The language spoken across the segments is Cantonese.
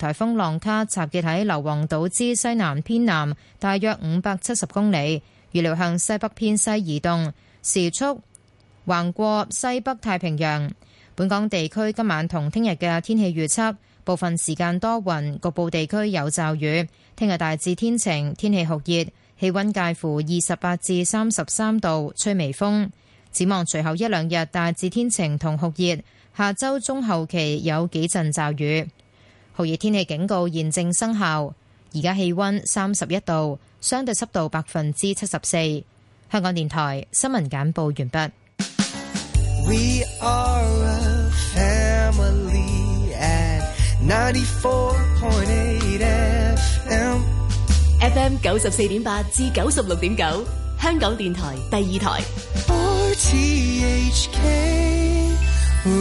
颱風浪卡集結喺硫磺島之西南偏南，大約五百七十公里，預料向西北偏西移動，時速橫過西北太平洋。本港地區今晚同聽日嘅天氣預測，部分時間多雲，局部地區有驟雨。聽日大致天晴，天氣酷熱，氣溫介乎二十八至三十三度，吹微風。展望隨後一兩日大致天晴同酷熱，下周中後期有幾陣驟雨。酷熱天氣警告現正生效，而家氣温三十一度，相對濕度百分之七十四。香港電台新聞簡報完畢。FM 九十四點八至九十六點九，香港電台第二台。RTHK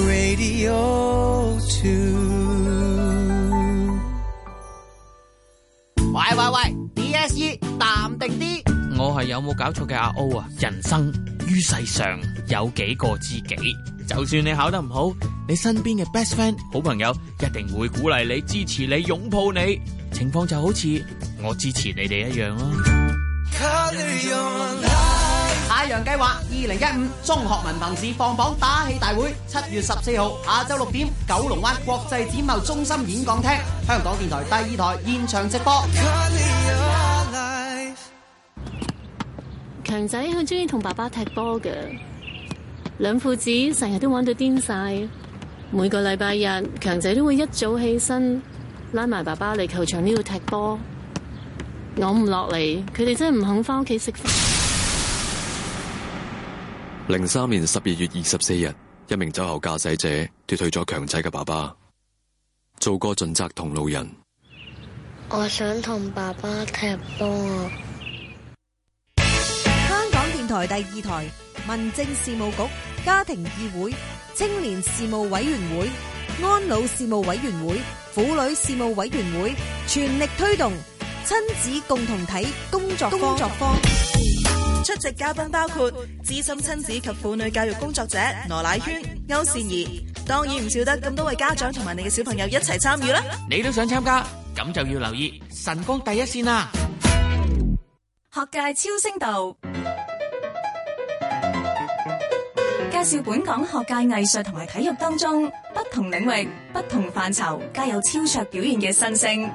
Radio 2喂喂喂，DSE 淡定啲，我係有冇搞錯嘅阿 O 啊？人生於世上有幾個知己，就算你考得唔好，你身邊嘅 best friend、好朋友一定會鼓勵你、支持你、擁抱你。情況就好似我支持你哋一樣咯。太陽計劃二零一五中學文憑試放榜打氣大會，七月十四號下晝六點，九龍灣國際展貿中心演講廳，香港電台第二台現場直播。強仔佢中意同爸爸踢波㗎，兩父子成日都玩到癲晒。每個禮拜日，強仔都會一早起身，拉埋爸爸嚟球場呢度踢波，我唔落嚟，佢哋真係唔肯翻屋企食飯。零三年十二月二十四日，一名酒後駕駛者奪去咗強仔嘅爸爸，做過盡責同路人。我想同爸爸踢波。香港電台第二台，民政事務局、家庭議會、青年事務委員會、安老事務委員會、婦女事務委員會全力推動親子共同體工作坊。出席嘉賓包括資深親子及婦女教育工作者羅乃萱、歐善儀，當然唔少得咁多位家長同埋你嘅小朋友一齊參與啦。你都想參加，咁就要留意晨光第一綫啦。學界超星道介紹本港學界藝術同埋體育當中不同領域、不同範疇皆有超卓表現嘅新星。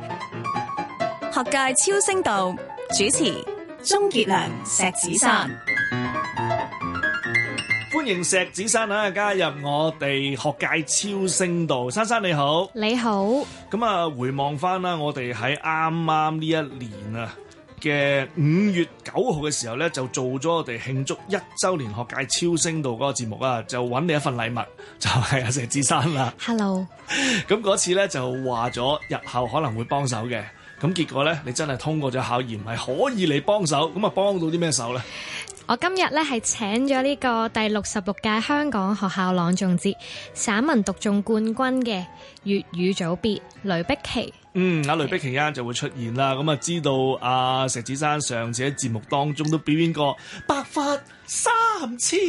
學界超星道主持。鍾傑良、石芷珊，歡迎石芷珊啊加入我哋學界超聲道。珊珊你好，你好。咁啊好，回望返啦，我哋喺啱啱呢一年啊嘅五月九號嘅時候咧，就做咗我哋慶祝一周年學界超聲道嗰個節目啊，就揾你一份禮物，就係、是、阿石芷珊啦。Hello，咁嗰次咧就話咗日後可能會幫手嘅。咁結果咧，你真係通過咗考驗，係可以嚟幫手，咁啊幫到啲咩手呢？我今日咧係請咗呢個第六十六屆香港學校朗誦節散文獨誦冠軍嘅。粵語組別雷碧琪。嗯，阿雷碧琪一陣就會出現啦，咁啊 Okay. 知道阿、呃、石芷珊上次喺節目當中都表演過《白髮三千》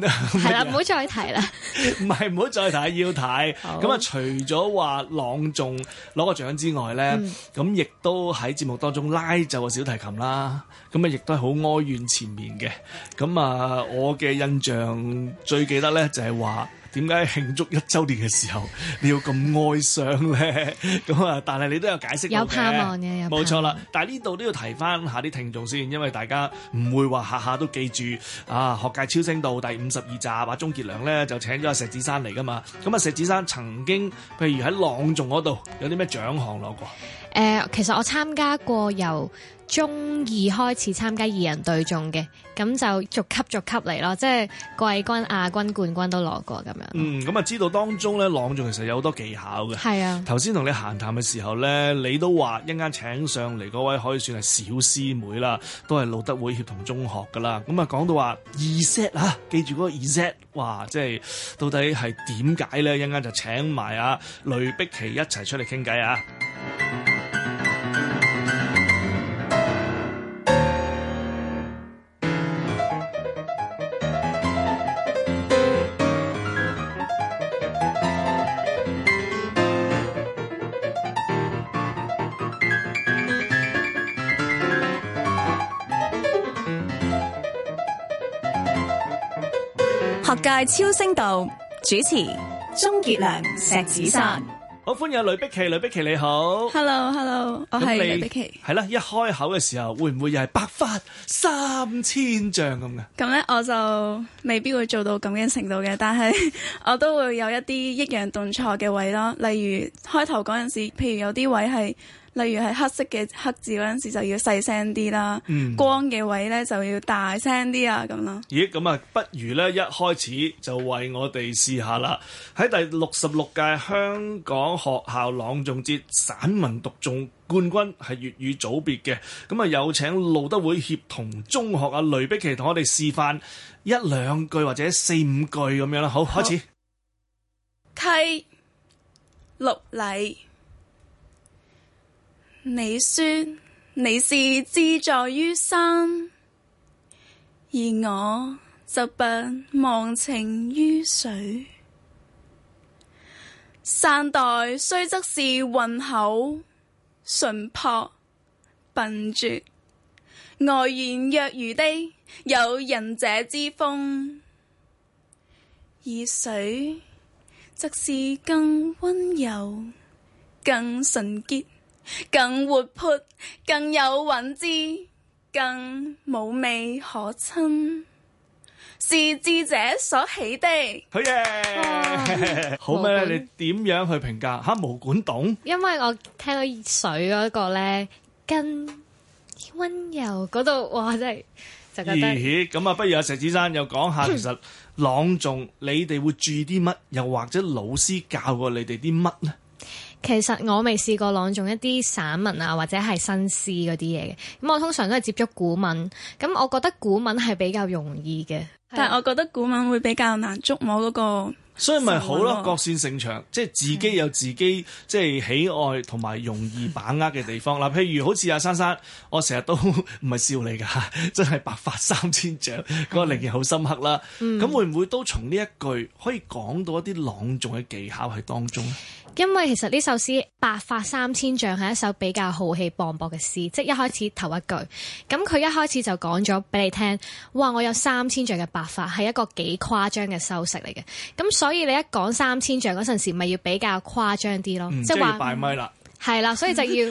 麼，係啦，唔好再提啦 唔係唔好再提，要提。咁啊好除咗話朗誦攞個獎之外咧，咁亦、嗯、都喺節目當中拉奏個小提琴啦，咁啊亦都係好哀怨纏綿嘅，咁啊我嘅印象最記得咧就係話。點解慶祝一周年嘅時候你要咁哀傷咧？咁 啊，但係你都有解釋嘅。有盼望嘅，冇錯啦，但係呢度都要提翻下啲聽眾先，因為大家唔會話下下都記住啊。學界超聲道第五十二集啊，鍾傑良咧就請咗阿石芷珊嚟噶嘛。咁啊，石芷珊曾經譬如喺朗誦嗰度有啲咩獎項攞過？誒、呃，其實我參加過由中二開始參加二人對誦嘅，咁就逐級逐級嚟咯，即係季軍、亞軍、冠軍都攞過咁樣。嗯，咁啊知道當中咧，朗誦其實有好多技巧嘅。係啊，頭先同你閒談嘅時候咧，你都話一間請上嚟嗰位可以算係小師妹啦，都係路德會協同中學噶啦。咁啊講到話二 set 啊，記住嗰個二 set，哇！即係到底係點解咧一間就請埋啊雷碧琪一齊出嚟傾偈啊？學界超聲道主持鍾傑良、石芷珊，好歡迎雷碧琪，雷碧琪你好，Hello Hello，我係雷你碧琪，係啦，一開口嘅時候會唔會又係白髮三千丈咁嘅？咁咧我就未必會做到咁嘅程度嘅，但係 我都會有一啲抑揚頓挫嘅位咯，例如開頭嗰陣時，譬如有啲位係。例如係黑色嘅黑字嗰陣時就要細聲啲啦，嗯、光嘅位呢就要大聲啲啊咁咯。咦？咁啊，嗯、不如呢，一開始就為我哋試下啦。喺第六十六屆香港學校朗誦節散文獨誦冠軍係粵語組別嘅，咁啊有請路德會協同中學阿雷碧琪同我哋示範一兩句或者四五句咁樣啦。好，好開始。溪六禮。你說你是志在於山，而我就不忘情於水。山代雖則是渾厚、純樸笨拙，外現若如的有仁者之風，而水則是更溫柔、更純潔。更活潑，更有韻致，更冇味可親，是智者所起的。好耶，好咩？你點樣去評價？吓，毛管戙？因為我聽到熱水嗰個咧，跟溫柔嗰度，哇，真係就咁。得。咁啊，不如阿石芷珊又講下，其實朗誦你哋會注意啲乜？又或者老師教過你哋啲乜咧？其實我未試過朗誦一啲散文啊，或者係新詩嗰啲嘢嘅。咁我通常都係接觸古文，咁我覺得古文係比較容易嘅。但係我覺得古文會比較難捉摸嗰、那個。所以咪好咯，各擅勝場，即係自己有自己、嗯、即係喜愛同埋容易把握嘅地方。嗱、嗯，譬如好似阿、啊、珊珊，我成日都唔係笑你㗎，真係白髮三千丈嗰、那個令我好深刻啦。咁、嗯、會唔會都從呢一句可以講到一啲朗誦嘅技巧喺當中咧？因為其實呢首詩《白髮三千丈》係一首比較豪氣磅礴嘅詩，即係一開始頭一句，咁佢一開始就講咗俾你聽，哇！我有三千丈嘅白髮，係一個幾誇張嘅修飾嚟嘅，咁所以你一講三千丈嗰陣時，咪要比較誇張啲咯，嗯、即係話擺咪啦，係、嗯、啦，所以就要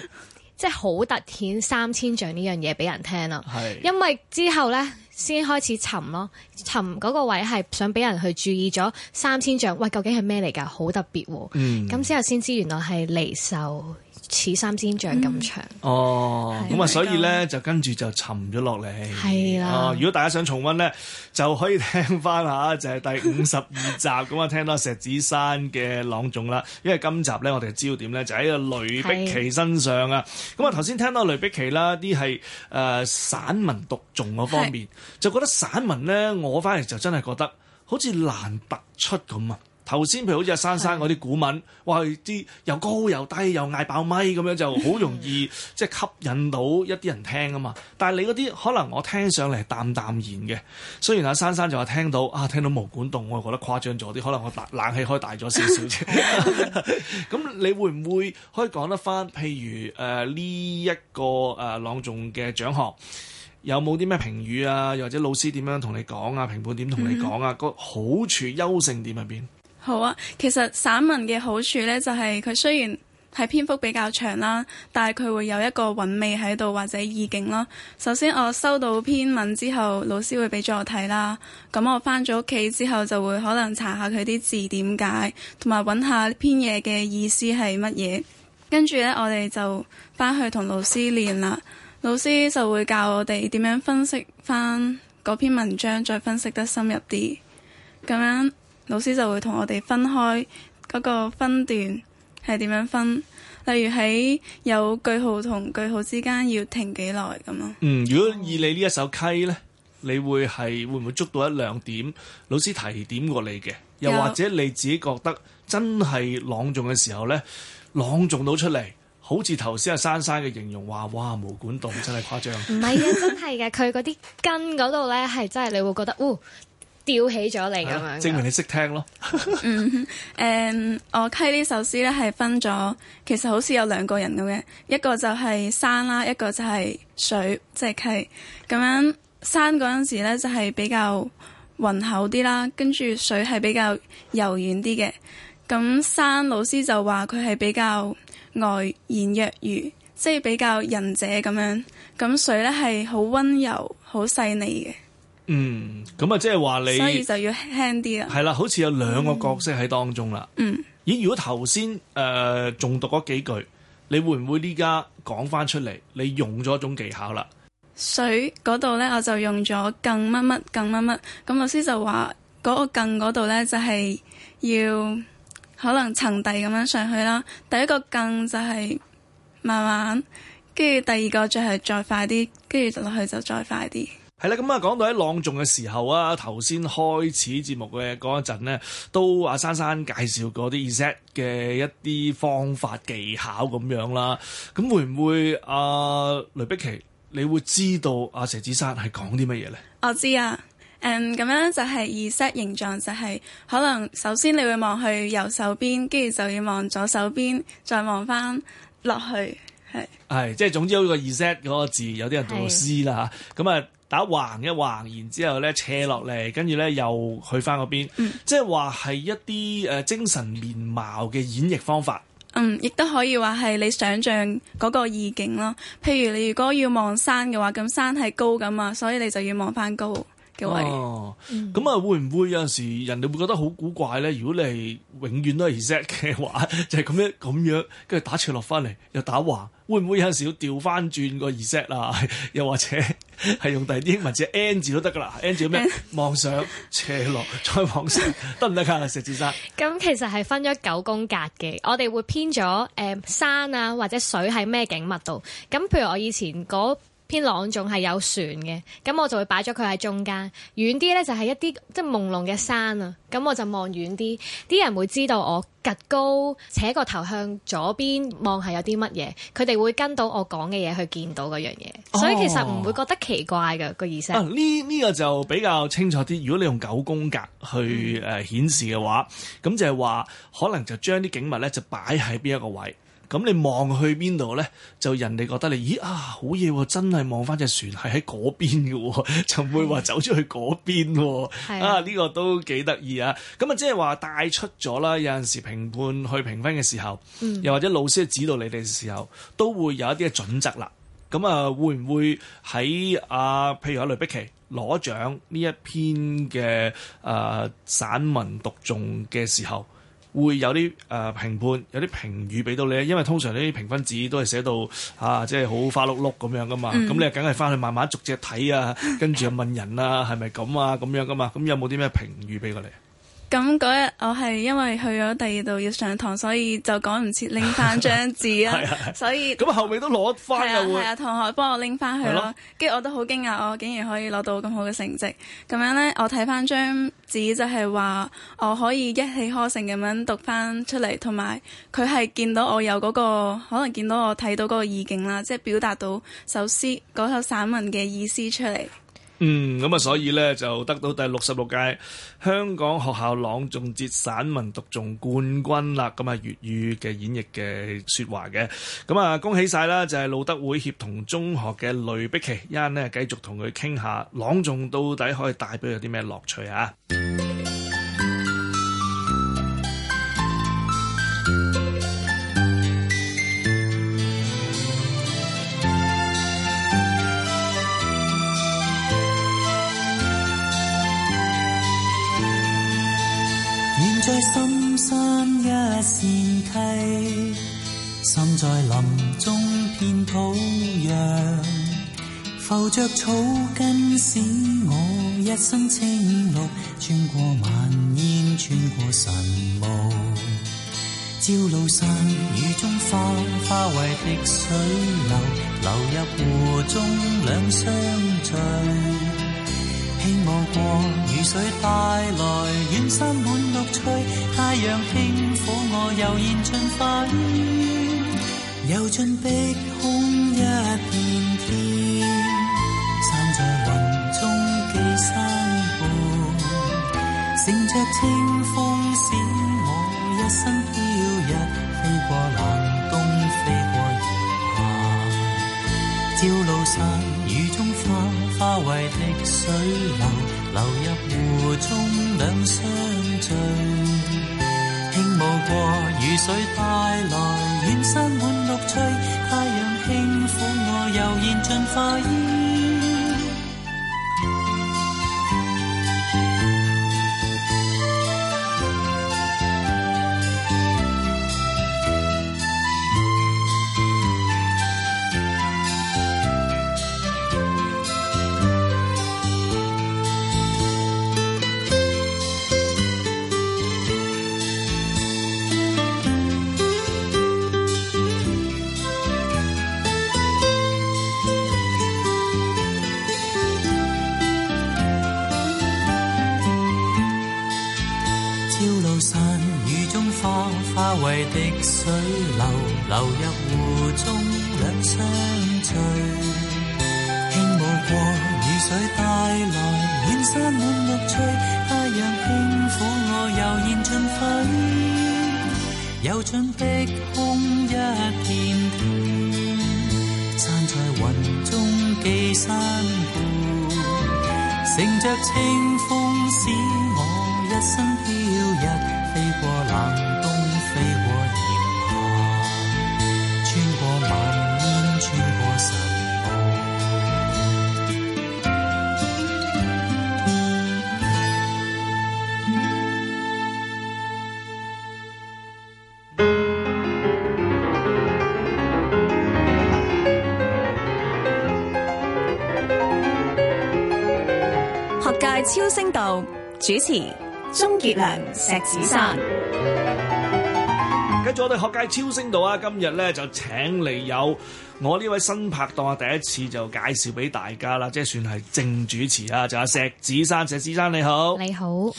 即係好凸顯三千丈呢樣嘢俾人聽啦，因為之後呢。先開始沉咯，沉嗰個位係想俾人去注意咗三千丈，喂，究竟係咩嚟㗎？好特別喎、哦，咁、嗯、之後先知原來係離愁。似三仙像咁長、嗯、哦，咁啊是，嗯、所以咧就跟住就沉咗落嚟。係啦的、啊，如果大家想重溫咧，就可以聽翻下，就係、是、第五十二集咁啊， 聽到石子山嘅朗誦啦。因為今集咧，我哋嘅焦點咧就喺、是、個雷碧琪身上啊。咁啊是，頭先聽到雷碧琪啦，啲係誒散文獨誦嗰方面，是就覺得散文咧，我反而就真係覺得好似難突出咁啊。頭先譬如好似阿珊珊嗰啲古文，的哇！啲又高又低又嗌爆咪咁樣，就好容易即係吸引到一啲人聽啊嘛。但係你嗰啲可能我聽上嚟淡淡然嘅。雖然阿珊珊就話聽到啊，聽到毛管動，我覺得誇張咗啲，可能我冷氣開大咗少少啫。咁你會唔會可以講得返？譬如誒呢、呃、一個誒朗誦嘅獎項，有冇啲咩評語啊？又或者老師點樣同你講啊？評判點同你講啊？個、mm hmm. 好處優勝點入邊？好啊，其實散文嘅好處咧，就係佢雖然係篇幅比較長啦，但係佢會有一個韻味喺度或者意境咯。首先，我收到篇文之後，老師會俾咗我睇啦。咁我翻咗屋企之後，就會可能查下佢啲字點解，同埋揾下篇嘢嘅意思係乜嘢。跟住呢，我哋就翻去同老師練啦。老師就會教我哋點樣分析翻嗰篇文章，再分析得深入啲咁樣。老師就會同我哋分開嗰個分段係點樣分，例如喺有句號同句號之間要停幾耐咁咯。嗯，如果以你呢一首溪呢，你會係會唔會捉到一兩點老師提點過你嘅，又或者你自己覺得真係朗誦嘅時候呢，朗誦到出嚟，好似頭先阿珊珊嘅形容話，哇毛管戙真係誇張，唔係嘅，真係嘅，佢嗰啲根嗰度呢，係真係你會覺得，喎、哦。吊起咗嚟咁證明你識聽咯。嗯，誒，我溪呢首詩咧係分咗，其實好似有兩個人咁嘅，一個就係山啦，一個就係水，即係溪咁樣。山嗰陣時咧就係比較渾厚啲啦，跟住水係比較柔軟啲嘅。咁山老師就話佢係比較外言若愚，即係比較仁者咁樣。咁水咧係好溫柔、好細膩嘅。嗯，咁啊，即係話你，所以就要輕啲啦。係啦，好似有兩個角色喺當中啦，嗯。嗯，咦，如果頭先誒，重、呃、讀嗰幾句，你會唔會呢？家講翻出嚟，你用咗一種技巧啦。水嗰度呢，我就用咗更乜乜，更乜乜。咁老師就話嗰、嗰個更嗰度呢，就係、係、要可能層遞咁樣上去啦。第一個更就係慢慢，跟住第二個就係再快啲，跟住落去就再快啲。係啦，咁啊，講到喺朗誦嘅時候啊，頭先開始節目嘅嗰一陣咧，都阿珊珊介紹過啲 Z 嘅一啲方法技巧咁樣啦。咁會唔會阿、呃、雷碧琪，你會知道阿石芷珊係講啲乜嘢咧？我知啊，嗯，咁樣就係 Z 形象，就係、是、可能首先你會望去右手邊，跟住就要望左手邊，再望翻落去，係係，即係總之，呢個 Z 嗰個字，有啲人讀個 C 啦吓，咁是啊。嗯打橫一橫，然之後咧斜落嚟，跟住咧又去翻嗰邊，嗯、即係話係一啲誒、呃、精神面貌嘅演繹方法。嗯，亦都可以話係你想象嗰個意境咯。譬如你如果要望山嘅話，咁山係高咁嘛，所以你就要望翻高。哦，咁啊，會唔會有陣時人哋會覺得好古怪咧？如果你係永遠都係 e set 嘅話，就係咁樣咁樣，跟住打斜落翻嚟又打橫，會唔會有陣時要調翻轉個 set 啊？ 又或者係用第二啲英文字 n 字都得噶啦，n 字咩？N 望上斜落再望上，得唔得噶？石字山？咁其實係分咗九宮格嘅，我哋會編咗誒、呃、山啊或者水喺咩景物度。咁譬如我以前嗰、那個。偏朗仲係有船嘅，咁我就會擺咗佢喺中間。遠啲咧就係一啲即係朦朧嘅山啊，咁我就望遠啲，啲人會知道我趌高，扯個頭向左邊望係有啲乜嘢，佢哋會跟到我講嘅嘢去見到嗰樣嘢。哦、所以其實唔會覺得奇怪嘅、那個意思。呢呢、啊呢個就比較清楚啲。如果你用九宮格去誒、呃嗯、顯示嘅話，咁就係話可能就將啲景物咧就擺喺邊一個位。咁你望去邊度咧？就人哋覺得你，咦啊，好嘢、哦、真係望翻隻船係喺嗰邊嘅、哦、 就唔會話走出去嗰邊、哦、 啊，呢、這個都幾得意啊！咁啊，即係話帶出咗啦。有陣時評判去評分嘅時候，又或者老師指導你哋嘅時候，都會有一啲嘅準則啦。咁啊，會唔會喺啊？譬如喺雷碧琪攞獎呢一篇嘅誒、啊、散文獨誦嘅時候？會有啲誒、呃、評判，有啲評語俾到你，因為通常呢啲評分紙都係寫到嚇，即係好花碌碌咁樣噶嘛，咁、嗯、你啊，梗係翻去慢慢逐隻睇啊，跟住又問人啊，係咪咁啊，咁樣噶嘛，咁有冇啲咩評語俾過你？咁嗰日我係因為去咗第二度要上堂，所以就趕唔切拎翻張紙啦。 所以咁、嗯、後尾都攞翻又會，係啊，同學幫我拎翻去咯。跟住的我都好驚訝，我竟然可以攞到咁好嘅成績。咁樣呢，我睇翻張紙就係、是、話我可以一氣呵成咁樣讀翻出嚟，同埋佢係見到我有嗰、那個，可能見到我睇到嗰個意境啦，即係表達到首詩嗰首散文嘅意思出嚟。嗯，咁啊，所以咧就得到第六十六屆香港學校朗誦節散文獨誦冠軍啦，咁啊粵語嘅演繹嘅說話嘅，咁啊恭喜晒啦！就係、是、路德會協同中學嘅雷碧琪，一陣呢，繼續同佢傾下朗誦到底可以帶俾佢啲咩樂趣啊？嗯深山一線溪，心在林中片土壤，浮着草根使我一身青綠。穿過晚煙，穿過晨霧，朝露散，雨中花，花為滴水流，流入湖中兩相隨。輕舞過，雨水帶來遠山滿綠翠，太陽輕撫我，悠然盡化煙，游進碧空一片天，散在雲中寄生伴，乘着清風使我一身飄逸，飛過藍花圍的水流流入湖中，兩相聚。輕舞過，雨水帶來，遠山滿綠翠，太陽輕撫，我，悠然盡化滴水流流入湖中兩相隨，輕舞過雨水帶來遠山滿綠翠，太陽輕撫我悠然盡歡，有盡碧空一片天，散在雲中寄身伴，乘着清風使我一身。超聲道主持鍾傑良石芷珊，跟住我哋學界超聲道啊！今日咧就請嚟有我呢位新拍檔啊，第一次就介紹俾大家啦，即係算係正主持啊。就阿、是、石芷珊、石芷珊，你好，你好。你好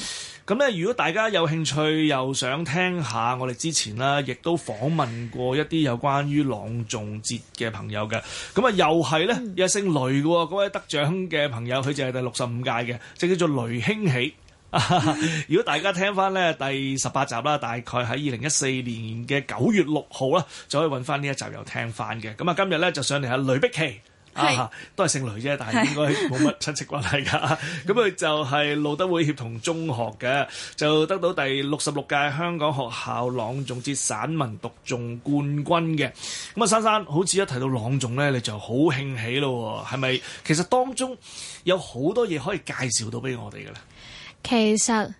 咁咧，如果大家有興趣又想聽下我哋之前啦，亦都訪問過一啲有關於朗誦節嘅朋友嘅，咁啊又係咧，有、嗯、姓雷嘅嗰位得獎嘅朋友，佢就係第六十五屆嘅，就叫做雷興喜。 如果大家聽翻咧第十八集啦，大概喺二零一四年嘅九月六號啦，就可以搵翻呢一集又聽翻嘅。咁啊，今日咧就上嚟下雷碧琪。是啊，都係姓雷啫，但係應該冇乜親戚關係噶。咁佢是 就係路德會協同中學嘅，就得到第六十六屆香港學校朗誦節散文獨誦冠軍嘅。咁、嗯、啊，珊珊，好似一提到朗誦咧，你就好興起咯，係咪？其實當中有好多嘢可以介紹到俾我哋嘅咧。其實。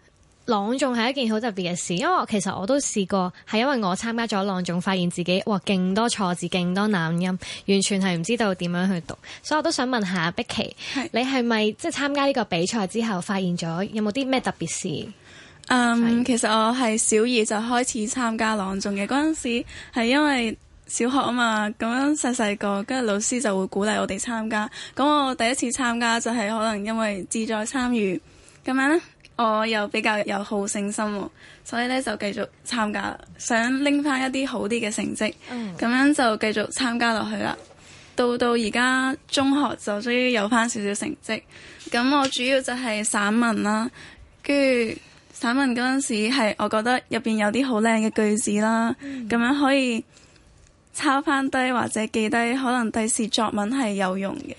朗誦係一件好特別嘅事，因為我其實我都試過，係因為我參加咗朗誦，發現自己哇，勁多錯字，勁多難音，完全係唔知道點樣去讀，所以我都想問下碧琪，是你係咪即係參加呢個比賽之後，發現咗有冇啲咩特別事？嗯、um, 以，其實我係小二就開始參加朗誦嘅，嗰陣時係因為小學啊嘛，咁樣細細個，跟住老師就會鼓勵我哋參加，咁我第一次參加就係可能因為志在參與。咁樣咧，我又比較有好勝心喎，所以咧就繼續參加，想拎翻一啲好啲嘅成績。咁、嗯、樣就繼續參加落去啦。到到而家中學就終於有翻少少成績。咁我主要就係散文啦，跟住散文嗰陣時係我覺得入邊有啲好靚嘅句子啦，咁、嗯、樣可以抄翻低或者記低，可能第時作文係有用嘅。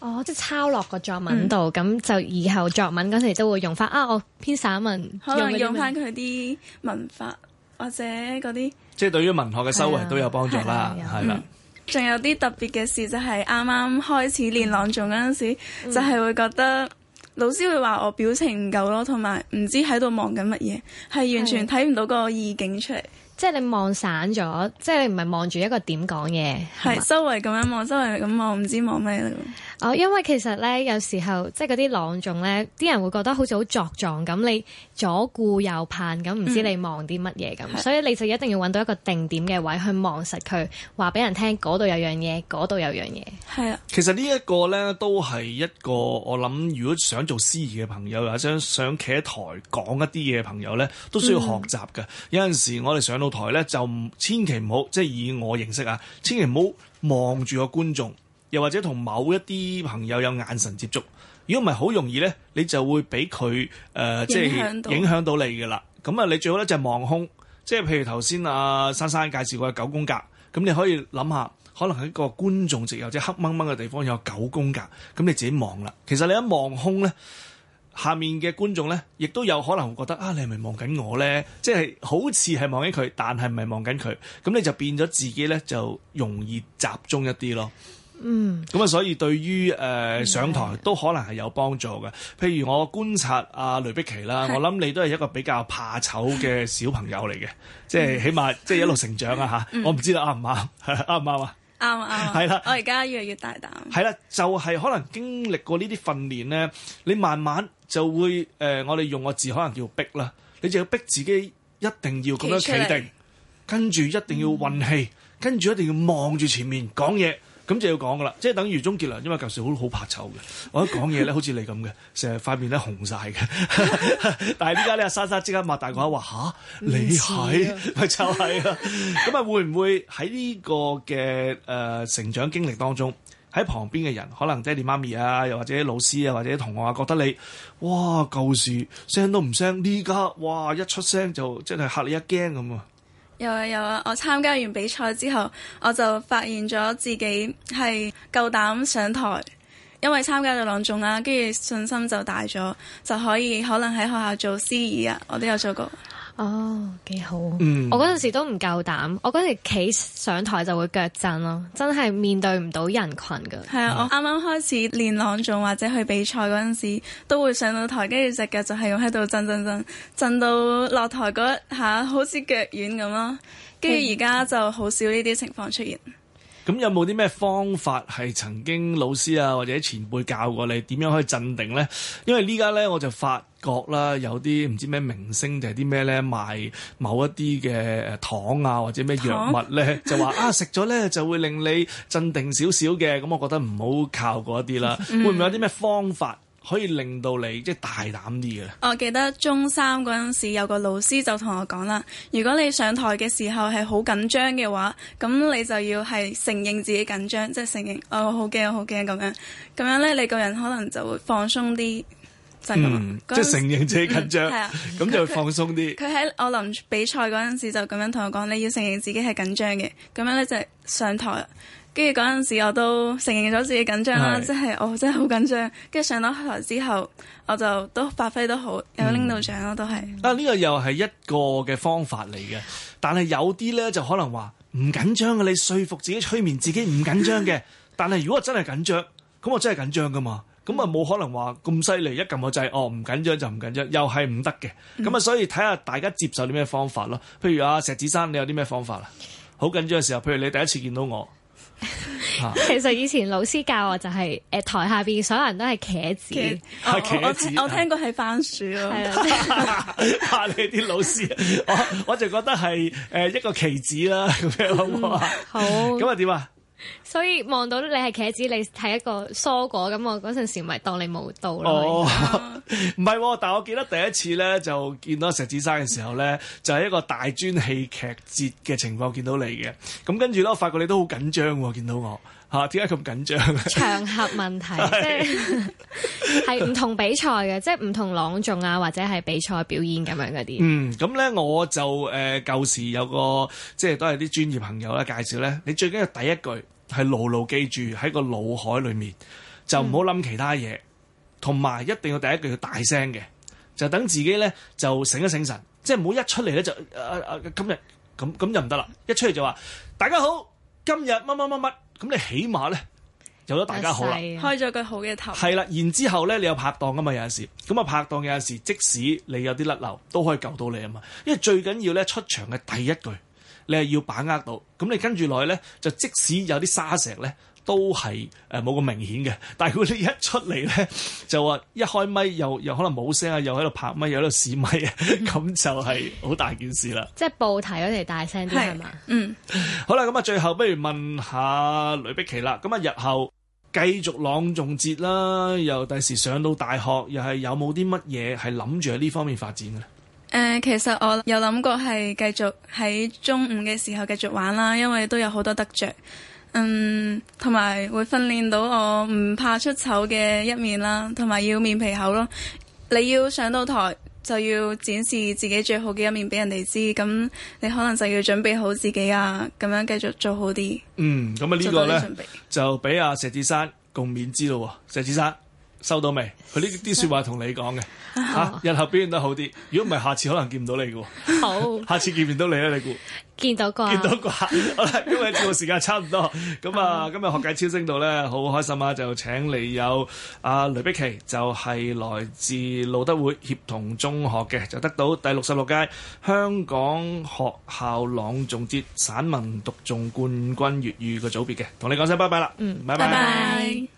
哦，即係抄落個作文度，咁、嗯、就以後作文嗰時都會用翻啊。我篇散文可能用翻佢啲文法或者嗰啲，即係對於文學嘅修為都有幫助啦，係啦、啊。仲、啊、有啲、啊嗯、特別嘅事就係啱啱開始練朗誦嗰陣時，嗯、就係會覺得老師會話我表情唔夠咯，同埋唔知喺度望緊乜嘢，係完全睇唔到個意境出嚟。即係你望散咗，即係你唔係望住一個點講嘢，係是嗎周圍咁樣望，周圍咁望，唔知望咩。哦，因為其實咧，有時候即係嗰啲朗誦咧，啲人會覺得好似好作狀咁，你左顧右盼咁，唔知你望啲乜嘢咁，嗯、所以你就一定要揾到一個定點嘅位去望實佢，話俾人聽嗰度有樣嘢，嗰度有樣嘢。係啊，其實呢一個咧都係一個我諗，如果想做司儀嘅朋友，或者想企喺台講一啲嘢嘅朋友咧，都需要學習噶。嗯、有陣時我哋想到。台咧就千祈唔好，即係以我認識啊，千祈唔好望住個觀眾，又或者同某一啲朋友有眼神接觸。如果唔係，好容易咧，你就會俾佢誒即係影，影響到你㗎啦。咁啊，你最好咧就係、望空，即係譬如頭先阿珊珊介紹過嘅九宮格，咁你可以諗下，可能喺個觀眾席或者黑掹掹嘅地方有九宮格，咁你自己望啦。其實你一望空咧。下面嘅觀眾呢，亦都有可能覺得啊，你係咪望緊我呢？即係好似係望緊佢，但係唔係望緊佢。咁你就變咗自己呢，就容易集中一啲咯。嗯。咁啊，所以對於誒、呃嗯、上台都可能係有幫助嘅。譬如我觀察阿、啊、雷碧琪啦，是我諗你都係一個比較怕醜嘅小朋友嚟嘅，即係、嗯、起碼即係、就是、一路成長啊嚇。嗯嗯、我唔知道啱唔啱，啱唔啱啊？啱啱係啦，我而家越嚟越大膽。係啦，就係可能經歷過呢啲訓練咧，你慢慢就會誒，我哋用個字可能叫逼啦，你就要逼自己一定要咁樣企定，跟住一定要運氣，嗯、跟住一定要望住前面講嘢。咁就要講噶啦，即係等於鍾傑良，因為舊時好好怕醜嘅，我一講嘢咧好似你咁嘅，成日塊面咧紅晒嘅。 但係依家咧，阿珊珊即刻擘大個口話嚇、啊，你係咪像就係啊？咁啊， 會唔會喺呢個嘅誒成長經歷當中，喺旁邊嘅人，可能爹哋媽咪啊，又或者老師啊，或者同學啊，覺得你哇舊時聲都唔聲，呢家哇一出聲就真係嚇你一驚咁啊？有啊，有啊！我參加完比賽之後，我就發現咗自己係夠膽上台，因為參加咗朗誦啊，跟住信心就大咗，就可以可能喺學校做司儀啊，我都有做過。哦，幾、oh, 好！Mm. 我嗰陣時都唔夠膽，我嗰時企上台就會腳震咯，真係面對唔到人群噶。係啊對，oh. 我啱啱開始練朗誦或者去比賽嗰陣時，都會上到台，跟住隻腳就係咁喺度震震震，震到落台嗰一下好似腳軟咁咯。跟住而家就好少呢啲情況出現。咁有冇啲咩方法係曾經老師啊或者前輩教過你點樣可以鎮定咧？因為呢家咧我就發覺啦，有啲唔知咩明星定係啲咩咧賣某一啲嘅糖啊或者咩藥物咧，糖就話啊食咗咧就會令你鎮定少少嘅。咁我覺得唔好靠嗰一啲啦。嗯、會唔會有啲咩方法？可以令到你即係大膽啲嘅。我記得中三嗰陣時有個老師就同我講啦，如果你上台嘅時候係好緊張嘅話，咁你就要係承認自己緊張，即係承認，哦，我好驚，好驚咁樣。咁樣呢，你個人可能就會放鬆啲。嗯，即係承認自己緊張，嗯，係啊，咁就會放鬆啲。佢喺我臨比賽嗰陣時就咁樣同我講，你要承認自己係緊張嘅，咁樣呢，就係上台。跟住嗰陣時，我都承認咗自己緊張啦，是即係我真係好緊張。跟住上到台之後，我就都發揮得好，有拎到獎咯，嗯、都係是啊。呢、呢個又係一個嘅方法嚟嘅，但係有啲咧就可能話唔緊張嘅，你說服自己催眠自己唔緊張嘅。 但係如果真係緊張，咁我真係緊張噶嘛？咁啊冇可能話咁犀利一撳個掣，哦唔緊張就唔緊張，又係唔得嘅。咁啊、嗯，所以睇下大家接受啲咩方法咯。譬如阿石芷珊，你有啲咩方法啊？好緊張嘅時候，譬如你第一次見到我。 其實以前老師教我就係誒台下邊所有人都係茄子，茄子啊、我茄子我我聽，我聽過係番薯 啊，怕你啲老師，我我就覺得係誒一個棋子啦咁樣，好嘛？好咁啊點啊？嗯 所以望到你係茄子，你係一個蔬果咁，那我嗰陣時咪當你冇到咯。哦，唔係在、 啊，但係我記得第一次咧，就見到石芷珊嘅時候咧， 就係一個大專戲劇節嘅情況見到你嘅。咁、嗯嗯、跟住咧，我發覺你都好緊張見到我。吓，點解咁緊張？場合問題即係唔同比賽嘅，即係唔同朗誦啊，或者係比賽表演咁樣嗰啲。嗯，咁呢我就誒舊時有個即係都係啲專業朋友咧介紹呢。你最緊要第一句係牢牢記住喺個腦海裏面，就唔好諗其他嘢，同埋一定要第一句要大聲嘅，就等自己呢，就醒一醒神，即係唔好一出嚟呢，就今日咁咁就唔得啦，一出嚟就話大家好，今日乜乜乜乜。咁你起碼咧有得大家好啦，開咗個好嘅頭係啦。然之後咧，有你有拍檔啊嘛。有陣時咁啊，拍檔有陣時，即使你有啲甩漏，都可以救到你啊嘛。因為最緊要咧出場嘅第一句，你係要把握到。咁你跟住來咧，就即使有啲沙石咧，都係誒，冇、呃、咁明顯嘅。但係如果你一出嚟咧，就話一開咪又又可能冇聲啊，又喺度拍咪，又喺度試咪，啊，咁就係好大件事啦。即係報題嗰時大聲啲係嘛？是嗎嗯，好啦，咁啊，最後不如問,問下雷碧琪啦。咁啊，日後繼續朗仲節啦，又第時上到大學，又係有冇啲乜嘢係諗住喺呢方面發展嘅咧？誒、呃，其實我有諗過係繼續喺中午嘅時候繼續玩啦，因為都有好多得着。嗯，同埋會訓練到我唔怕出醜嘅一面啦，同埋要面皮厚咯。你要上到台就要展示自己最好嘅一面俾人哋知，咁你可能就要準備好自己啊，咁樣繼續做好啲。嗯，咁啊呢個咧就俾阿石芷珊共勉之咯，石芷珊。收到未？佢呢啲說話同你講嘅，吓、哦啊、日後表現得好啲。如果唔係，下次可能見唔到你嘅。好， 下次見唔到你咧，你估見到啩？見到啩。好啦，今日節目時間差唔多。咁啊，嗯、今日學界超星度咧，好開心啊！就請嚟，有阿、啊、雷碧琪，就係、是、來自路德會協同中學嘅，就得到第六十六屆香港學校朗誦節散文獨誦冠軍粵語嘅組別嘅。同你講聲拜拜啦，嗯，拜拜。拜拜。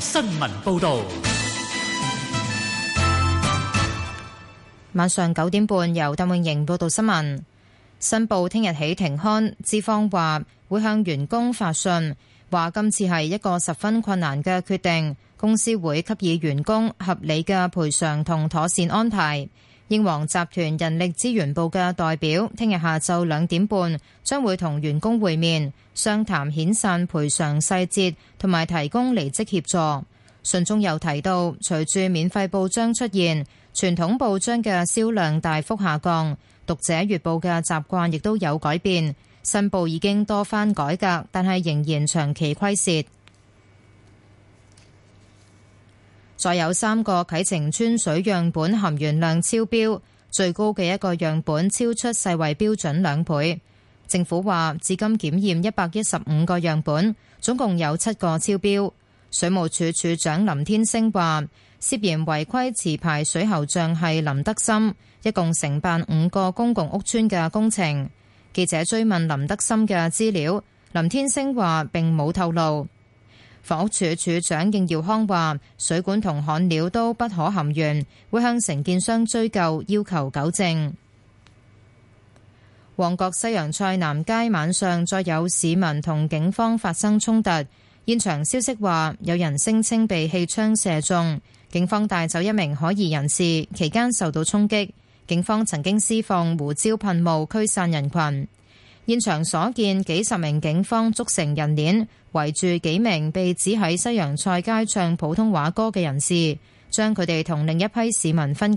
新聞報道。晚上九點半，由鄧永盈報道新聞。新報聽日起停刊，資方話會向員工發信，話今次係一個十分困難嘅決定，公司會給予員工合理嘅賠償同妥善安排。英皇集團人力資源部嘅代表，聽日下晝兩點半將會同員工會面，商談遣散賠償細節，同埋提供離職協助。信中又提到，隨住免費報章出現，傳統報章嘅銷量大幅下降，讀者閲報嘅習慣亦都有改變。新報已經多番改革，但係仍然長期虧蝕。再有三個啟晴邨水樣本含鉛量超標，最高嘅一個樣本超出世衛標準兩倍。政府話至今檢驗一百一十五個樣本，總共有七個超標。水務署署長林天星話，涉嫌違規持牌水喉匠係林德森，一共承辦五個公共屋邨嘅工程。記者追問林德森嘅資料，林天星話並冇透露。房屋署署長應耀康話：水管同焊料都不可含鉛，會向承建商追究，要求糾正。旺角西洋菜南街晚上再有市民同警方發生衝突，現場消息話有人聲稱被氣槍射中，警方帶走一名可疑人士，期間受到衝擊，警方曾經施放胡椒噴霧驅散人群。現場所見幾十名警方組成人鏈圍住幾名被指喺西洋菜街唱普通話歌嘅人士，將佢哋同另一批市民分隔。